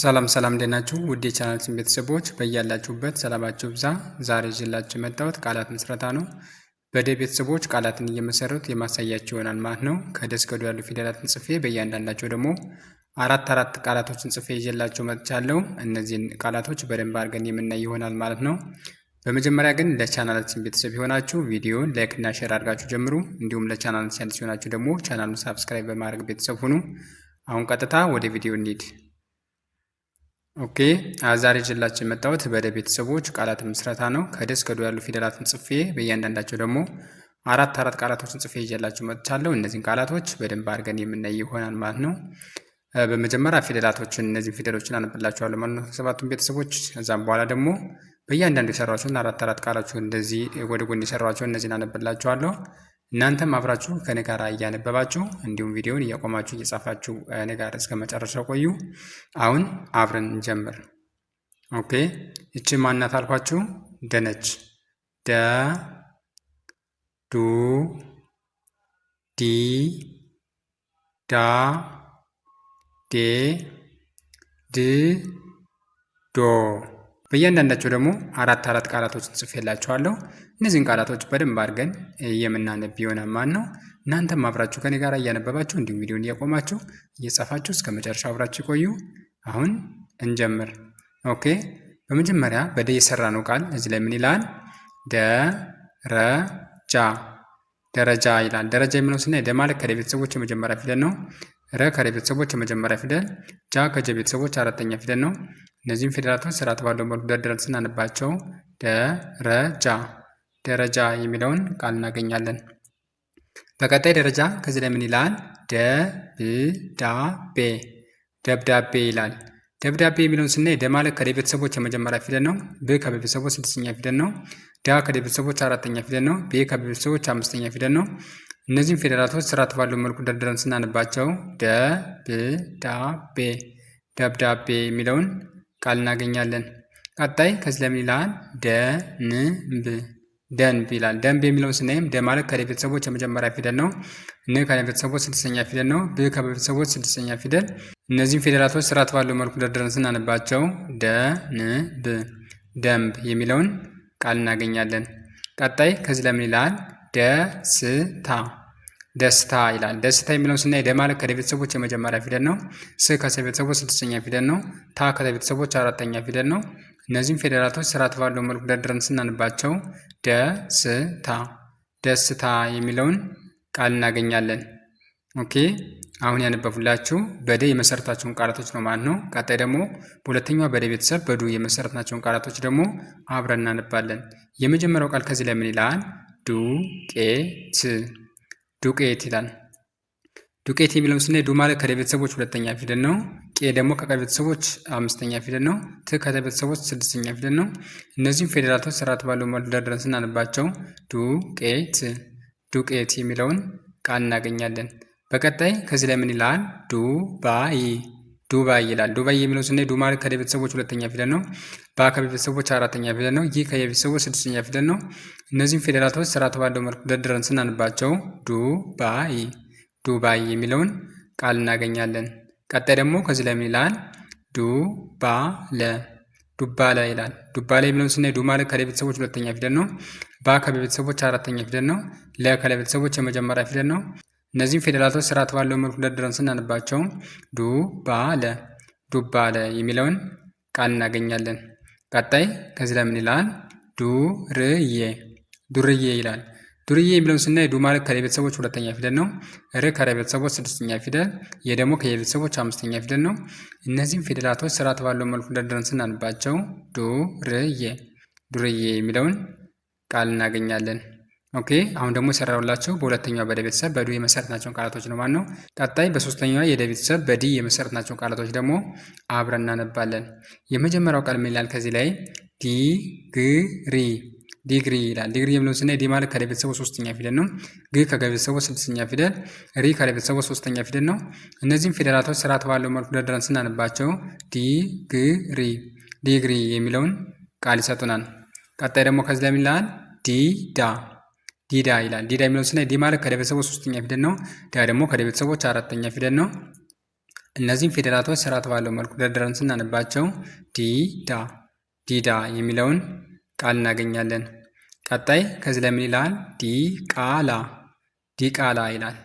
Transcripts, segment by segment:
ሰላም ሰላም እንዴት ናችሁ? ውድ የቻናላችን ቤተሰቦች በያላችሁበት ሰላማችሁ ብዛ። ዛሬ ይዤላችሁ የመጣሁት ቃላት ምስረታ ነው። በደ ቤተሰቦች ቃላትን እየመሰረቱ የማሳያቸው ይሆናል ማለት ነው። ከደ እስከ ያሉ ፊደላትን ጽፌ በእያንዳንዳቸው ደግሞ አራት አራት ቃላቶችን ጽፌ ይዤላችሁ መጥቻለሁ። እነዚህን ቃላቶች በደንብ አድርገን የምናይ ይሆናል ማለት ነው። በመጀመሪያ ግን ለቻናላችን ቤተሰብ የሆናችሁ ቪዲዮን ላይክ እና ሼር አድርጋችሁ ጀምሩ። እንዲሁም ለቻናላችን አዲስ የሆናችሁ ደግሞ ቻናሉን ሳብስክራይብ በማድረግ ቤተሰብ ሁኑ። አሁን ቀጥታ ወደ ቪዲዮ እንሂድ። ኦኬ ዛሬ ይዤላችሁ የመጣሁት በደ ቤተሰቦች ቃላት ምስረታ ነው። ከደ እስከ ዶ ያሉ ፊደላትን ጽፌ በእያንዳንዳቸው ደግሞ አራት አራት ቃላቶችን ጽፌ ይዤላችሁ መጥቻለሁ። እነዚህን ቃላቶች በደንብ አድርገን የምናይ ይሆናል ማለት ነው። በመጀመሪያ ፊደላቶችን እነዚህን ፊደሎችን አነብላችኋለሁ ማለት ነው፣ ሰባቱን ቤተሰቦች። ከዛም በኋላ ደግሞ በእያንዳንዱ የሰራችሁን አራት አራት ቃላችሁ እንደዚህ ወደ ጎን የሰራችሁን እነዚህን አነብላችኋለሁ። እናንተም አብራችሁ ከኔ ጋር እያነበባችሁ እንዲሁም ቪዲዮውን እያቆማችሁ እየጻፋችሁ እኔ ጋር እስከ መጨረሻው ቆዩ። አሁን አብረን እንጀምር። ኦኬ እቺ ማናት አልኳችሁ? ደነች ደ ዱ ዲ ዳ ዴ ድ ዶ በእያንዳንዳቸው ደግሞ አራት አራት ቃላቶችን ጽፌላችኋለሁ። እነዚህን ቃላቶች በደንብ አድርገን የምናነብ የሆነ ማን ነው። እናንተም አብራችሁ ከኔ ጋር እያነበባችሁ እንዲሁም ቪዲዮን እያቆማችሁ እየጻፋችሁ እስከ መጨረሻ አብራችሁ ቆዩ። አሁን እንጀምር። ኦኬ። በመጀመሪያ በደ የሰራ ነው ቃል እዚህ ላይ ምን ይላል? ደረጃ ደረጃ ይላል። ደረጃ የሚለውን ስናይ ደ ማለት ከደ ቤተሰቦች የመጀመሪያ ፊደል ነው። ረ ከረ ቤተሰቦች የመጀመሪያ ፊደል፣ ጃ ከጀ ቤተሰቦች አራተኛ ፊደል ነው። እነዚህም ፊደላቶች ስርዓት ባለው መልኩ ደርድረን ስናነባቸው ደረጃ ደረጃ የሚለውን ቃል እናገኛለን። በቀጣይ ደረጃ ከዚህ ለምን ይላል? ደብዳቤ ደብዳቤ ይላል። ደብዳቤ የሚለውን ስናይ ደ ማለት ከደ ቤተሰቦች የመጀመሪያ ፊደል ነው። ብ ከበ ቤተሰቦች ስድስተኛ ፊደል ነው። ዳ ከደ ቤተሰቦች አራተኛ ፊደል ነው። ቤ ከበ ቤተሰቦች አምስተኛ ፊደል ነው። እነዚህም ፊደላቶች ስርዓት ባለው መልኩ ደርድረን ስናነባቸው ደብዳቤ ደብዳቤ የሚለውን ቃል እናገኛለን። ቀጣይ ከዚህ ለምን ይላል ደንብ ደንብ ይላል። ደንብ የሚለውን ስናይም ደ ማለት ከደ ቤተሰቦች የመጀመሪያ ፊደል ነው። ን ከነ ቤተሰቦች ስድስተኛ ፊደል ነው። ብ ከበ ቤተሰቦች ስድስተኛ ፊደል። እነዚህም ፊደላቶች ስርዓት ባለው መልኩ ደርድረን ስናነባቸው ደንብ ደንብ የሚለውን ቃል እናገኛለን። ቀጣይ ከዚህ ለምን ይላል ደስታ ደስታ ይላል። ደስታ የሚለውን ስናይ ደ ማለት የመጀመሪያ ፊደል ነው። ስ ከሰቤተሰቦች ስድስተኛ ፊደል ነው። ታ ከቤተሰቦች አራተኛ ፊደል ነው። እነዚህም ፊደላቶች ስርዓት ባለው መልኩ ደርድረን ስናንባቸው ደስታ ደስታ የሚለውን ቃል እናገኛለን። ኦኬ አሁን ያነበቡላችሁ በደ የመሰረታቸውን ቃላቶች ነው ማለት ነው። ቀጣይ ደግሞ በሁለተኛው በደ ቤተሰብ በዱ የመሰረትናቸውን ቃላቶች ደግሞ አብረን እናነባለን። የመጀመሪያው ቃል ከዚህ ለምን ይላል? ዱቄት ዱቄት ይላል። ዱቄት የሚለውን ስናይ ዱ ማለት ከደ ቤተሰቦች ሁለተኛ ፊደል ነው። ቄ ደግሞ ከቀ ቤተሰቦች አምስተኛ ፊደል ነው። ት ከተ ቤተሰቦች ስድስተኛ ፊደል ነው። እነዚህም ፌዴራቶች ስርዓት ባለው መልኩ ደርድረን ስናነባቸው ዱቄት ዱቄት የሚለውን ቃል እናገኛለን። በቀጣይ ከዚህ ላይ ምን ይላል? ዱባይ ዱባይ ይላል። ዱባይ የሚለው ስናይ ዱ ማለት ከደ ቤተሰቦች ሁለተኛ ፊደል ነው። ባ ከቤተሰቦች አራተኛ ፊደል ነው። ይህ ከየቤተሰቦች ስድስተኛ ፊደል ነው። እነዚህም ፊደላቶች ስርዓት ባለው መልኩ ደርድረን ስናንባቸው ዱባይ ዱባይ የሚለውን ቃል እናገኛለን። ቀጣይ ደግሞ ከዚህ ላይ ምን ይላል? ዱባለ ዱባለ ይላል። ዱባለ የሚለውን ስናይ ዱ ማለት ከደ ቤተሰቦች ሁለተኛ ፊደል ነው። ባ ከቤተሰቦች አራተኛ ፊደል ነው። ለ ከለ ቤተሰቦች የመጀመሪያ ፊደል ነው። እነዚህም ፊደላቶች ስርዓት ባለው መልኩ ደርድረን ስናነባቸው ዱባ ዱባለ የሚለውን ቃል እናገኛለን። ቀጣይ ከዚህ ለምን ይላል? ዱርዬ ዱርዬ ይላል። ዱርዬ የሚለውን ስናይ ዱ ማለት ከላይ ቤተሰቦች ሁለተኛ ፊደል ነው። ር ከላይ ቤተሰቦች ስድስተኛ ፊደል፣ የ ደግሞ ከየ ቤተሰቦች አምስተኛ ፊደል ነው። እነዚህም ፊደላቶች ስርዓት ባለው መልኩ ደርድረን ስናነባቸው ዱርዬ ዱርዬ የሚለውን ቃል እናገኛለን። ኦኬ አሁን ደግሞ የሰራውላቸው በሁለተኛው በደ ቤተሰብ በዱ የመሰረትናቸውን ቃላቶች ነው ማን ነው። ቀጣይ በሶስተኛዋ የደ ቤተሰብ በዲ የመሰረትናቸውን ቃላቶች ደግሞ አብረን እናነባለን። የመጀመሪያው ቃል ምን ይላል? ከዚህ ላይ ዲግሪ ዲግሪ ይላል። ዲግሪ የሚለውን ስናይ ዲ ማለት ከደ ቤተሰቡ ሶስተኛ ፊደል ነው። ግ ከገ ቤተሰቡ ስድስተኛ ፊደል፣ ሪ ከደ ቤተሰቡ ሶስተኛ ፊደል ነው። እነዚህም ፊደላቶች ስርዓት ባለው መልኩ ደርድረን ስናነባቸው ዲግሪ ዲግሪ የሚለውን ቃል ይሰጡናል። ቀጣይ ደግሞ ከዚህ ላይ ምን ይላል? ዲዳ ዲዳ ይላል። ዲዳ የሚለው ስናይ ዲ ማለት ከደቤተሰቦች ሶስተኛ ፊደል ነው። ዳ ደግሞ ከደቤተሰቦች አራተኛ ፊደል ነው። እነዚህም ፊደላቶች ስርዓት ባለው መልኩ ደርድረን ስናነባቸው ዲዳ ዲዳ የሚለውን ቃል እናገኛለን። ቀጣይ ከዚህ ላይ ምን ይላል? ዲቃላ ዲቃላ ይላል።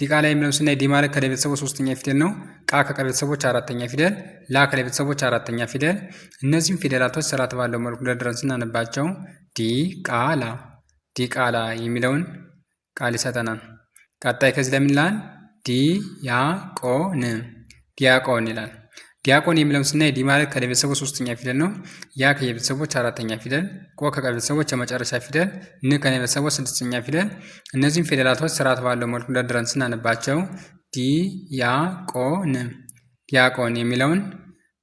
ዲቃላ የሚለው ስናይ ዲ ማለት ከደቤተሰቦች ሶስተኛ ፊደል ነው። ቃ ከቀቤተሰቦች አራተኛ ፊደል፣ ላ ከደቤተሰቦች አራተኛ ፊደል። እነዚህም ፊደላቶች ስርዓት ባለው መልኩ ደርድረን ስናነባቸው ዲቃላ ዲቃላ የሚለውን ቃል ይሰጠናል። ቀጣይ ከዚህ ለምን ይላል? ዲያቆን ዲያቆን ይላል። ዲያቆን የሚለውን ስናይ ዲ ማለት ከቤተሰቦች ሶስተኛ ፊደል ነው። ያ ከየቤተሰቦች አራተኛ ፊደል፣ ቆ ከቤተሰቦች የመጨረሻ ፊደል፣ ን ከቤተሰቦች ስድስተኛ ፊደል። እነዚህም ፊደላቶች ስርዓት ባለው መልኩ ደርድረን ስናነባቸው ዲያቆን ዲያቆን የሚለውን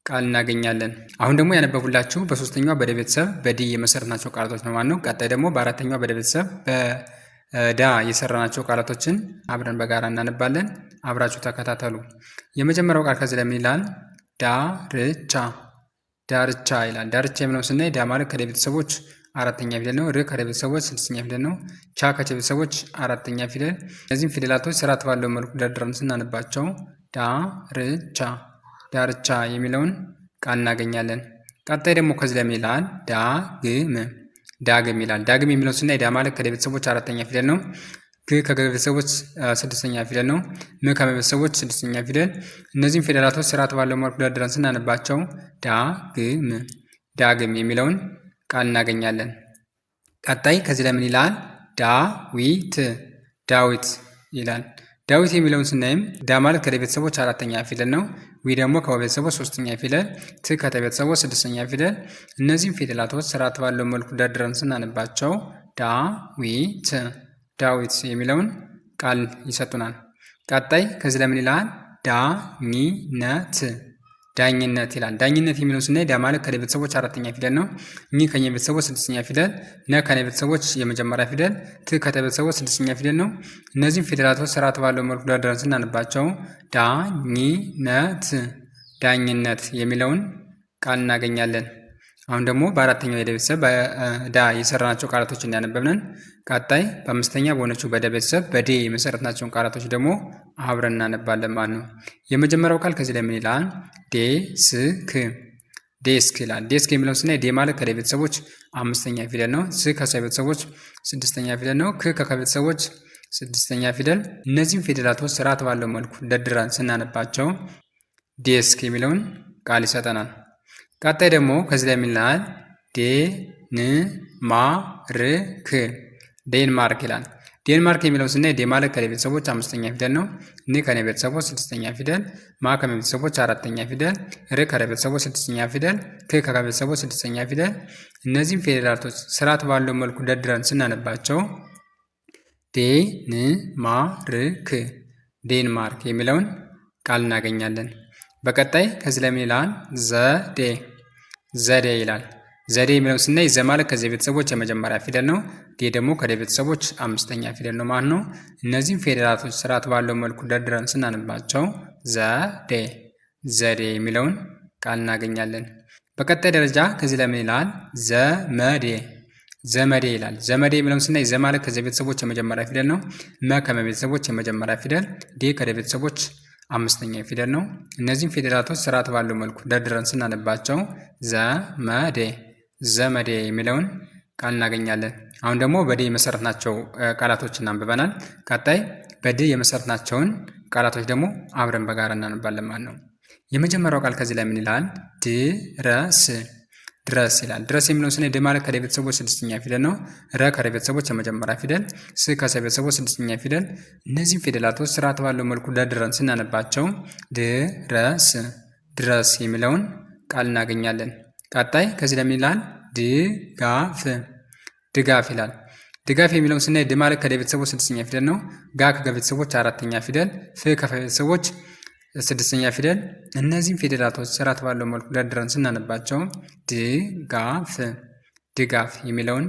ቃል እናገኛለን። አሁን ደግሞ ያነበቡላችሁ በሶስተኛዋ በደ ቤተሰብ በዲ የመሰረትናቸው ቃላቶች ነው ማለት ነው። ቀጣይ ደግሞ በአራተኛዋ በደ ቤተሰብ በዳ የሰራናቸው ቃላቶችን አብረን በጋራ እናነባለን። አብራችሁ ተከታተሉ። የመጀመሪያው ቃል ከዚህ ለምን ይላል? ዳርቻ ዳርቻ ይላል። ዳርቻ የምለው ስናይ ዳ ማለት ከደ ቤተሰቦች አራተኛ ፊደል ነው። ር ከደ ቤተሰቦች ስድስተኛ ፊደል ነው። ቻ ከቸ ቤተሰቦች አራተኛ ፊደል። እነዚህም ፊደላቶች ስርዓት ባለው መልኩ ደርድረን ስናነባቸው ዳርቻ ዳርቻ የሚለውን ቃል እናገኛለን። ቀጣይ ደግሞ ከዚህ ላይ ይላል ዳግም ዳግም ይላል። ዳግም የሚለው ስናይ ዳ ማለት ከደቤተሰቦች አራተኛ ፊደል ነው። ግ ከገቤተሰቦች ስድስተኛ ፊደል ነው። ም ከመቤተሰቦች ስድስተኛ ፊደል። እነዚህም ፊደላቶች ስርዓት ባለው መልኩ ደርድረን ስናነባቸው ዳግም ዳግም የሚለውን ቃል እናገኛለን። ቀጣይ ከዚህ ላይ ምን ይላል? ዳዊት ዳዊት ይላል። ዳዊት የሚለውን ስናይም ዳ ማለት ከደቤተሰቦች አራተኛ ፊደል ነው። ዊ ደግሞ ከወቤተሰቦ ሶስተኛ ፊደል፣ ት ከተቤተሰቦ ስድስተኛ ፊደል። እነዚህም ፊደላቶች ስርዓት ባለው መልኩ ደርድረን ስናነባቸው ዳዊት ዳዊት የሚለውን ቃል ይሰጡናል። ቀጣይ ከዚህ ለምን ይልሃል? ዳኝነት ዳኝነት ይላል። ዳኝነት የሚለውን ስናይ ዳ ማለት ከነ ቤተሰቦች አራተኛ ፊደል ነው። ኝ ከኘ ቤተሰቦች ስድስተኛ ፊደል፣ ነ ከነ ቤተሰቦች የመጀመሪያ ፊደል፣ ት ከተ ቤተሰቦች ስድስተኛ ፊደል ነው። እነዚህም ፊደላቶች ስርዓት ባለው መልኩ ደርድረን ስናነባቸው ዳኝነት ዳኝነት የሚለውን ቃል እናገኛለን። አሁን ደግሞ በአራተኛው የደ ቤተሰብ በዳ የሰራናቸው ቃላቶች እንዳነበብነን ቀጣይ በአምስተኛ በሆነችው በደ ቤተሰብ በዴ የመሰረትናቸውን ቃላቶች ደግሞ አብረን እናነባለን ማለት ነው። የመጀመሪያው ቃል ከዚህ ላይ ምን ይላል? ዴስክ ዴስክ ይላል። ዴስክ የሚለው ስናይ ዴ ማለት ከደ ቤተሰቦች አምስተኛ ፊደል ነው። ስ ከሰ ቤተሰቦች ስድስተኛ ፊደል ነው። ክ ከከ ቤተሰቦች ስድስተኛ ፊደል። እነዚህም ፊደላቶች ስርዓት ባለው መልኩ ደርድረን ስናነባቸው ዴስክ የሚለውን ቃል ይሰጠናል። ቀጣይ ደግሞ ከዚህ ላይ የሚልናል ዴንማርክ ዴንማርክ ይላል። ዴንማርክ የሚለውን ስናይ ዴ ማለት ቤተሰቦች አምስተኛ ፊደል ነው። ን ከነ ቤተሰቦች ስድስተኛ ፊደል፣ ማ ከመ ቤተሰቦች አራተኛ ፊደል፣ ር ከረ ቤተሰቦች ስድስተኛ ፊደል፣ ክ ከከ ቤተሰቦች ስድስተኛ ፊደል። እነዚህም ፊደላቶች ስርዓት ባለው መልኩ ደርድረን ስናነባቸው ዴንማርክ ዴንማርክ የሚለውን ቃል እናገኛለን። በቀጣይ ከዚህ ላይ ይላል? ዘዴ ዘዴ ይላል። ዘዴ የሚለው ስናይ ዘ ማለት ከዚህ ቤተሰቦች የመጀመሪያ ፊደል ነው። ዴ ደግሞ ከደ ቤተሰቦች አምስተኛ ፊደል ነው ማለት ነው። እነዚህም ፊደላቶች ስርዓት ባለው መልኩ ደርድረን ስናነባቸው ዘዴ ዘዴ የሚለውን ቃል እናገኛለን። በቀጣይ ደረጃ ከዚህ ለምን ይላል ዘመዴ ዘመዴ ይላል። ዘመዴ የሚለውን ስናይ ዘ ማለት ከዚህ ቤተሰቦች የመጀመሪያ ፊደል ነው። መ ከመ ቤተሰቦች የመጀመሪያ ፊደል፣ ዴ ከደ ቤተሰቦች አምስተኛ ፊደል ነው። እነዚህም ፊደላቶች ስርዓት ባለው መልኩ ደርድረን ስናነባቸው ዘመዴ ዘመዴ የሚለውን ቃል እናገኛለን። አሁን ደግሞ በድ የመሰረት ናቸው ቃላቶች አንብበናል። ቀጣይ በድ የመሰረት ናቸውን ቃላቶች ደግሞ አብረን በጋራ እናነባለን ማለት ነው። የመጀመሪያው ቃል ከዚህ ላይ ምን ይላል? ድረስ ድረስ ይላል። ድረስ የሚለውን ስናይ ድ ማለት ከደ ቤተሰቦች ስድስተኛ ፊደል ነው። ረ ከረ ቤተሰቦች የመጀመሪያ ፊደል፣ ስ ከሰ ቤተሰቦች ስድስተኛ ፊደል። እነዚህም ፊደላቶች ስርዓት ባለው መልኩ ደርድረን ስናነባቸው ድረስ ድረስ የሚለውን ቃል እናገኛለን። ቀጣይ ከዚህ ለምን ይላል? ድጋፍ ድጋፍ ይላል። ድጋፍ የሚለውን ስናይ ድ ማለት ከደ ቤተሰቦች ስድስተኛ ፊደል ነው። ጋ ከገ ቤተሰቦች አራተኛ ፊደል፣ ፍ ከፈ ቤተሰቦች ስድስተኛ ፊደል እነዚህም ፊደላቶች ስርዓት ባለው መልኩ ደርድረን ስናነባቸው ድጋፍ ድጋፍ የሚለውን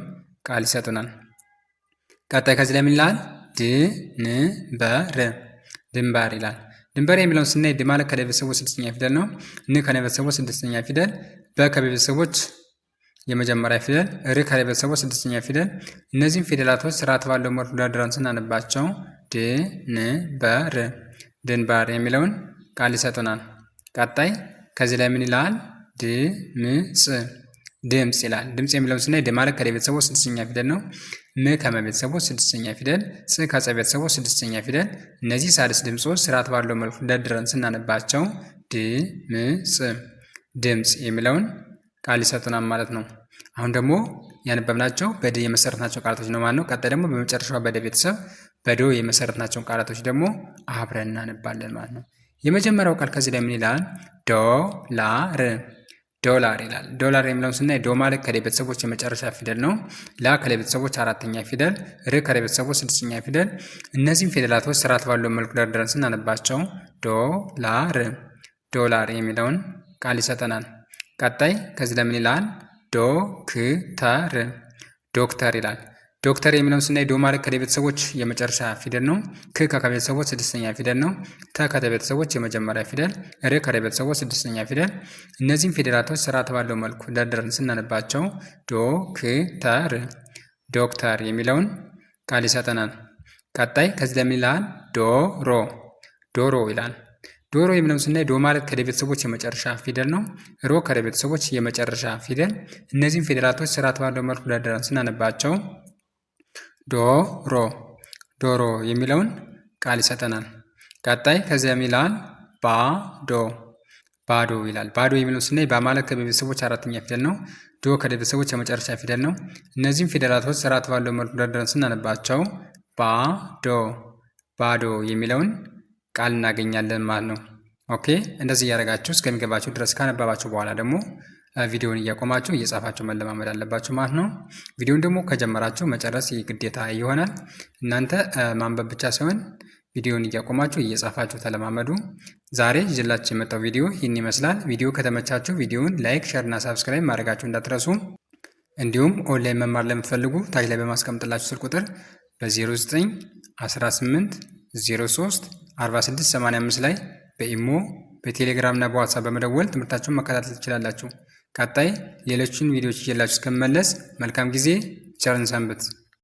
ቃል ይሰጡናል። ቀጣይ ከዚህ ላይ ምን ይላል? ድንበር ድንበር ይላል። ድንበር የሚለውን ስናይ ድ ማለት ስድስተኛ ፊደል ነው። ን ከላይ ስድስተኛ ፊደል፣ በ ከቤተሰቦች የመጀመሪያ ፊደል፣ ር ከላይ ስድስተኛ ፊደል። እነዚህም ፊደላቶች ስርዓት ባለው መልኩ ደርድረን ስናነባቸው ድንበር ድንበር የሚለውን ቃል ይሰጡናል። ቀጣይ ከዚህ ላይ ምን ይላል? ድምፅ ድምፅ ይላል። ድምፅ የሚለውን ስናይ ድ ማለት ከደ ቤተሰቦ ስድስተኛ ፊደል ነው። ም ከመ ቤተሰቦ ስድስተኛ ፊደል፣ ጽ ከጸ ቤተሰቦ ስድስተኛ ፊደል። እነዚህ ሳድስ ድምፆች ስርዓት ባለው መልኩ ደርድረን ስናነባቸው ድምፅ ድምፅ የሚለውን ቃል ይሰጡናል ማለት ነው። አሁን ደግሞ ያነበብናቸው በድ የመሰረት ናቸው ቃላቶች ነው ማለት ነው። ቀጣይ ደግሞ በመጨረሻ በደ ቤተሰብ በዶ የመሰረትናቸውን ቃላቶች ደግሞ አብረን እናነባለን ማለት ነው። የመጀመሪያው ቃል ከዚህ ላይ ምን ይላል? ዶላር ዶላር ይላል። ዶላር የሚለውን ስናይ ዶ ማለት ከሌ ቤተሰቦች የመጨረሻ ፊደል ነው። ላ ከሌ ቤተሰቦች አራተኛ ፊደል፣ ር ከሌ ቤተሰቦች ስድስተኛ ፊደል። እነዚህም ፊደላቶች ስርዓት ባለው መልኩ ደርድረን ስናነባቸው ዶላር ዶላር የሚለውን ቃል ይሰጠናል። ቀጣይ ከዚህ ለምን ይላል? ዶክተር ዶክተር ይላል። ዶክተር የሚለውን ስናይ ዶ ማለት ቤተሰቦች የመጨረሻ ፊደል ነው። ክ ከከ ቤተሰቦች ስድስተኛ ፊደል ነው። ተ ከተ ቤተሰቦች የመጀመሪያ ፊደል፣ ር ቤተሰቦች ስድስተኛ ፊደል። እነዚህም ፊደላቶች ስርዓት ባለው መልኩ ደርድረን ስናነባቸው ዶ ክ ተር ዶክተር የሚለውን ቃል ይሰጠናል። ቀጣይ ከዚህ ለምን ይላል? ዶሮ ዶሮ ይላል። ዶሮ የሚለውን ስናይ ዶ ማለት ከደ ቤተሰቦች የመጨረሻ ፊደል ነው። ሮ ቤተሰቦች የመጨረሻ ፊደል። እነዚህም ፊደላቶች ስርዓት ባለው መልኩ ደርድረን ስናነባቸው ዶሮ ዶሮ የሚለውን ቃል ይሰጠናል። ቀጣይ ከዚያም ይላል ባዶ ባዶ ይላል። ባዶ የሚለውን ስናይ በማለት ከቤተሰቦች አራተኛ ፊደል ነው። ዶ ከቤተሰቦች የመጨረሻ ፊደል ነው። እነዚህም ፊደላቶች ስርዓት ባለው መልኩ ደርድረን ስናነባቸው ባዶ ባዶ የሚለውን ቃል እናገኛለን ማለት ነው። ኦኬ እንደዚህ እያደረጋችሁ እስከሚገባችሁ ድረስ ካነበባችሁ በኋላ ደግሞ ቪዲዮውን እያቆማችሁ እየጻፋችሁ መለማመድ አለባችሁ ማለት ነው። ቪዲዮውን ደግሞ ከጀመራችሁ መጨረስ ግዴታ ይሆናል። እናንተ ማንበብ ብቻ ሳይሆን ቪዲዮውን እያቆማችሁ እየጻፋችሁ ተለማመዱ። ዛሬ ይዤላችሁ የመጣው ቪዲዮ ይህን ይመስላል። ቪዲዮ ከተመቻችሁ ቪዲዮውን ላይክ፣ ሼር እና ሳብስክራይብ ማድረጋችሁ እንዳትረሱ። እንዲሁም ኦንላይን መማር ለምትፈልጉ ታች ላይ በማስቀምጥላችሁ ስልክ ቁጥር በ0918 03 4685 ላይ በኢሞ በቴሌግራም እና በዋትሳፕ በመደወል ትምህርታችሁን መከታተል ትችላላችሁ። ቀጣይ ሌሎችን ቪዲዮዎች እየላችሁ እስከመለስ መልካም ጊዜ፣ ቸርን ሰንብት።